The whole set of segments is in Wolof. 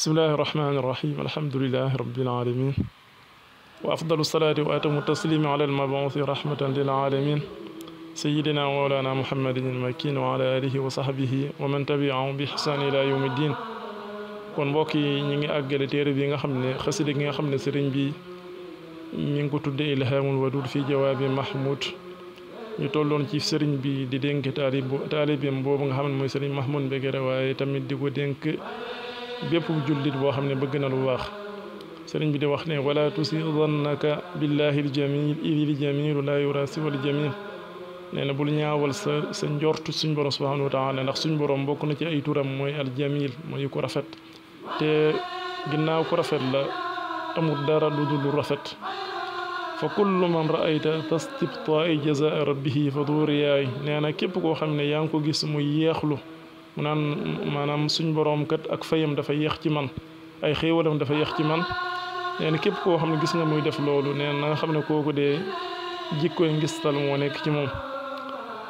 بسم الله الرحمن الرحيم الحمد لله رب العالمين وأفضل الصلاة وأتم التسليم على المبعوث رحمة للعالمين سيدنا مولانا محمد المكين وعلى آله وصحبه ومن تبعهم بإحسان إلى يوم الدين كون بوكي نيغي أجل تيري بيغا خامني خسيدي نيغا خامني سيرين بي نيغو تودي إلهام الودود في جواب محمود ñu tollon ci serigne bi di denk talib talibem bobu nga xamne moy serigne mahmoud begere waye tamit diko denk بيب جلد وخمني بغن الواخ سرين بدي وخني ولا تسي ظنك بالله الجميل إذ الجميل لا يراسي والجميل نينا بول نياول سن جورت سن بروم سبحانه وتعالى ناخ سن بروم بوكو نتي اي تورام موي الجميل موي كو رافت تي غيناو كو لا امو دارا لودو رافت فكل من رايت تستبطا جزاء ربه فدور ياي نينا كيب كو خامني يانكو غيس مو mu naan maanaam suñ boroom kat ak fayam dafa yéex ci man ay xéewalam dafa yéex ci man nee na képp koo xam ne gis nga muy def loolu nee na nga xam ne kooku dee jikkoy ngistal moo nekk ci moom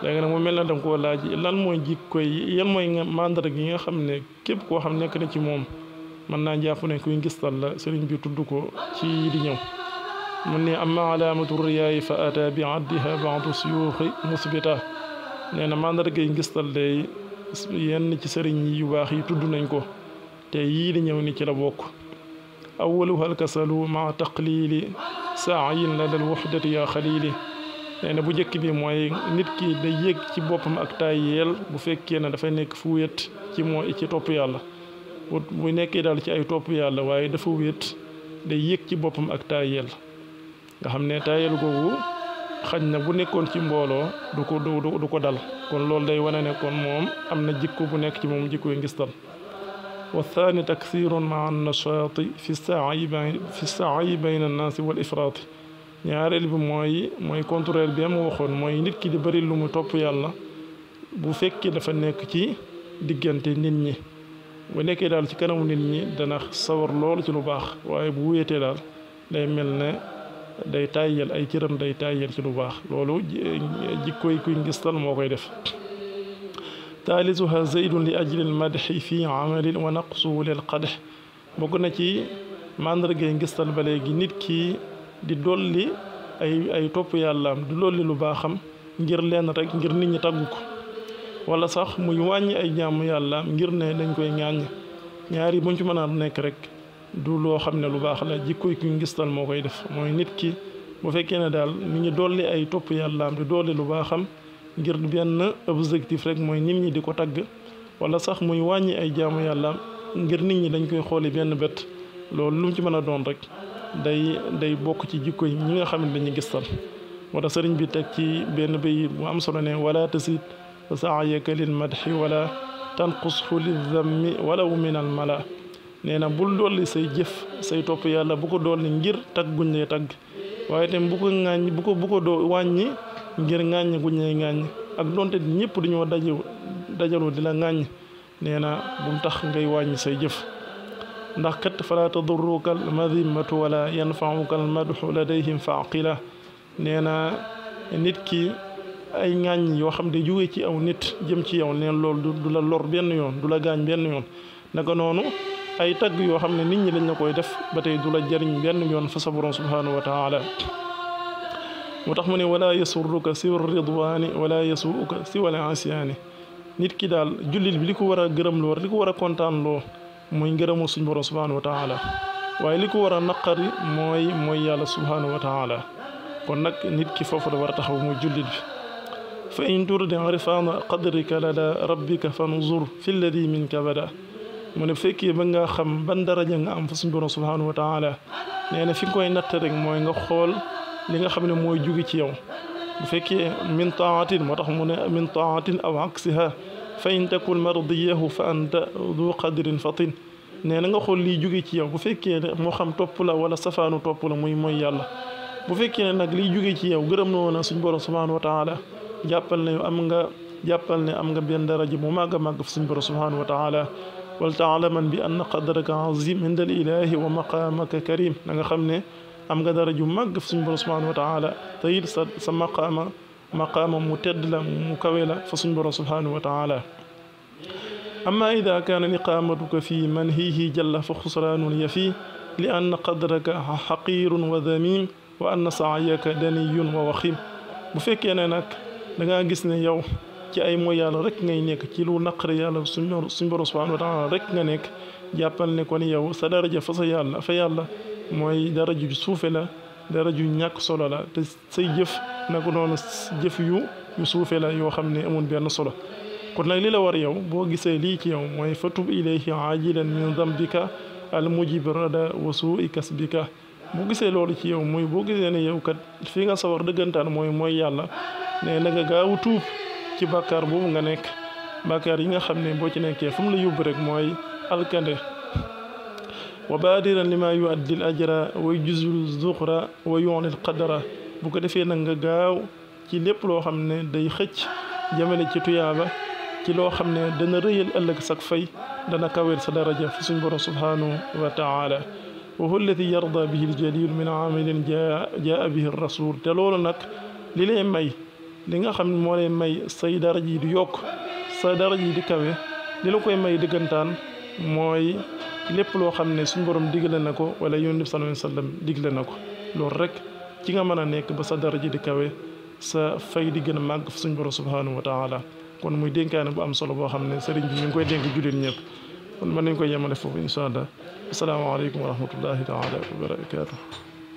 léegi nag mu mel na danga koo laaj lan mooy jikkoy yan mooy mandarga yi nga xam ne képp koo xam nekk na ci moom mën naa jàpp ne kuy ngistal la sëriñ bi tudd ko ci di ñëw mu ne amma alaamatu riyaayi fa ata bi addiha baadu suyuuxi musbita nee na mandarga yi ngistal day yenn ci sëriñ yu baax yi tudd nañ ko te yii di ñëw ni ci la bokk awaluha alkasalu ma taqlili saayin la dal waxdatu yaa xalili nee bu njëkk bi mooy nit ki day yëg ci boppam ak tayyeel bu fekkee ne dafay nekk fu wéet ci mooy ci topp yàlla bu nekkee daal ci ay topp yàlla waaye dafa wéet day yëg ci boppam ak tayyeel nga xam ne tayyeel googu xaj na bu nekkoon ci mbooloo du ko du du ko dal kon loolu day wane nekkoon moom am na jikko bu nekk ci moom yi jikkoy ngistal wa thani taksirun maa nachaati fi saai fi saai bayna annaasi wal ifraati ñaareel bi mooy mooy contraire bi mu waxoon mooy nit ki di bëri lu mu topp yàlla bu fekkee dafa nekk ci diggante nit ñi bu nekkee daal ci kanamu nit ñi dana sawar loolu ci lu baax waaye bu wéetee daal day mel ne day tàyyel ay cëram day tàyyel ci lu baax loolu jikkoy kuy ngistal moo koy def taalisuha zaydun li ajli lmadxi fi amalin wa naqsuhu lil qadx bokk na ci màndargay ngistal ba léegi nit ki di dolli ay ay topp yàllaam di dolli lu baaxam ngir leen rek ngir nit ñi taggu ko wala sax muy wàññi ay jaamu yàllaam ngir ne dañ koy ŋàññ ñaari buñ ci mën nekk rek du lo xamne lu bax la jikkoy ki ngistal mo koy def moy nit ki bu fekkee ne daal mi ngi doli ay yalla am di doli lu baaxam ngir ben objectif rek moy nit ñi diko tag wala sax muy wañi ay jaamu yalla ngir nit ñi dañ koy xoli ben bët lool lu ci mëna doon rek day day bok ci jikko yi ñi nga xamne dañu gistal moo bi tek ci ben béy bu am solo ne wala tasit saayaka lil madhi wala tanqushu lil dammi walaw min al mala nee na bul dolli say jëf say topp yàlla bu ko dolli ngir tag guñ lay tagg waaye itam bu ko ŋàññ bu ko bu doo wàññi ngir ŋàññ guñ lay ŋàññ ak donte ñëpp dañoo daje dajaloo di la ŋàññ nee na bum tax ngay wàññi say jëf ndax kat fala tadurruka al madhimmatu wala yanfauka al madhu ladayhim faaqila nee na nit ki ay ŋàññ yoo xam ne jóge ci aw nit jëm ci yow neen lool du la lor benn yoon du la gaañ benn yoon naka ay tagg yo xamne nit ñi lañ la koy def batay tey du la jariñ ben yoon fa sa borom subhanahu wa taala motax mu ne wala yasurruka siwa ridwani wala yasuuka siwa al asiyaani nit ki dal julil bi li wara gëreem lo gërëm loo li ko war a kontaan loo borom subhanahu wa taala waaye li wara naqari moy moy yàlla subhanahu wa taala kon nak nit ki fofu la wara taxaw mu julil bi fa in turdi irfaana qadrika lada rabbika fanzur fi alladi min kabada mune ne bu ba nga xam ban daraja nga am fa suñu borom subhanahu wa taala neena fi koy natt rek moy nga xol li nga xamne moy jugi ci yow bu fekkee min taatin motax mune min taatin aw aksiha fa in takul mardiyahu fa anta du qadrin fatin neena nga xol li jugi ci yow bu fekkee mo xam top la wala safanu top la muy moy yàlla bu fekkee ne nag liy jóge ci yow gërëm no na suñu borom subhanahu wa taala jàppal ne am nga jàppal ne am nga ben daraja mu màgg a màgg fa suñu borom subhanahu wa taala ولتعلم بأن قدرك عظيم عند الإله ومقامك كريم نغا خمنه ام قدر جمك في سنبر سبحانه وتعالى تيل سمقام مقام متدل مكويل في سنبر سبحانه وتعالى أما إذا كان إقامتك في من هي جل فخسران يفي لأن قدرك حقير وذميم وأن سعيك دني ووخيم بفكي أنك نغا يو ci ay mooy yàlla rek ngay nekk ci lu naqari yàlla suñu suñ borom subhanahu wa taala rek nga nekk jàppal ne kon yow sa daraja fa sa yàlla fa yàlla mooy daraja ju suufe la daraja ju ñàkk solo la te say jëf naka noonu jëf yu yu suufe la yoo xam ne amul benn solo kon nag li la war yow boo gisee lii ci yow mooy fatub ilayhi ajilan min dambika al mujib rada wa kas kasbika boo gisee loolu ci yow mooy boo gisee ne yow kat fi nga sawar dëggantaan mooy mooy yàlla ne na ci bakkar boobu nga nek bakkar yi nga xamne bo ci nekke fum la yóbbu rek moy alkande wa baadiran li maa yuaddil ajra way juzul wa yonil qadra bu ko defé nag nga gaaw ci lépp lo xamne day xëcc jamele ci tuyaaba ci lo xamne dana reeyal ëlëk sak fay dana kawel sa daraja fi suñu borom subhanahu wa taala wa huwa alladi yarda bihi aljalil min amalin jaa jaa bihi rasul te loolu nag li may li nga xam ne moo lay may say dara ji di yokk sa dara ji di kawe li la koy may dëggantaan mooy lépp loo xam ne suñu borom digle na ko wala yonent bi sallallahu alayhi wasallam na ko loolu rek ci nga mën a nekk ba sa dara ji di kawe sa fay di gën a màgg suñu borom subhanahu wa taala kon muy dénkaane bu am solo boo xam ne sëriñ bi ñu ngi koy dénk jullit ñëpp kon mën nañ koy foofu incha allah asalaamaaleykum wa rahmatullahi taala wa barakaatu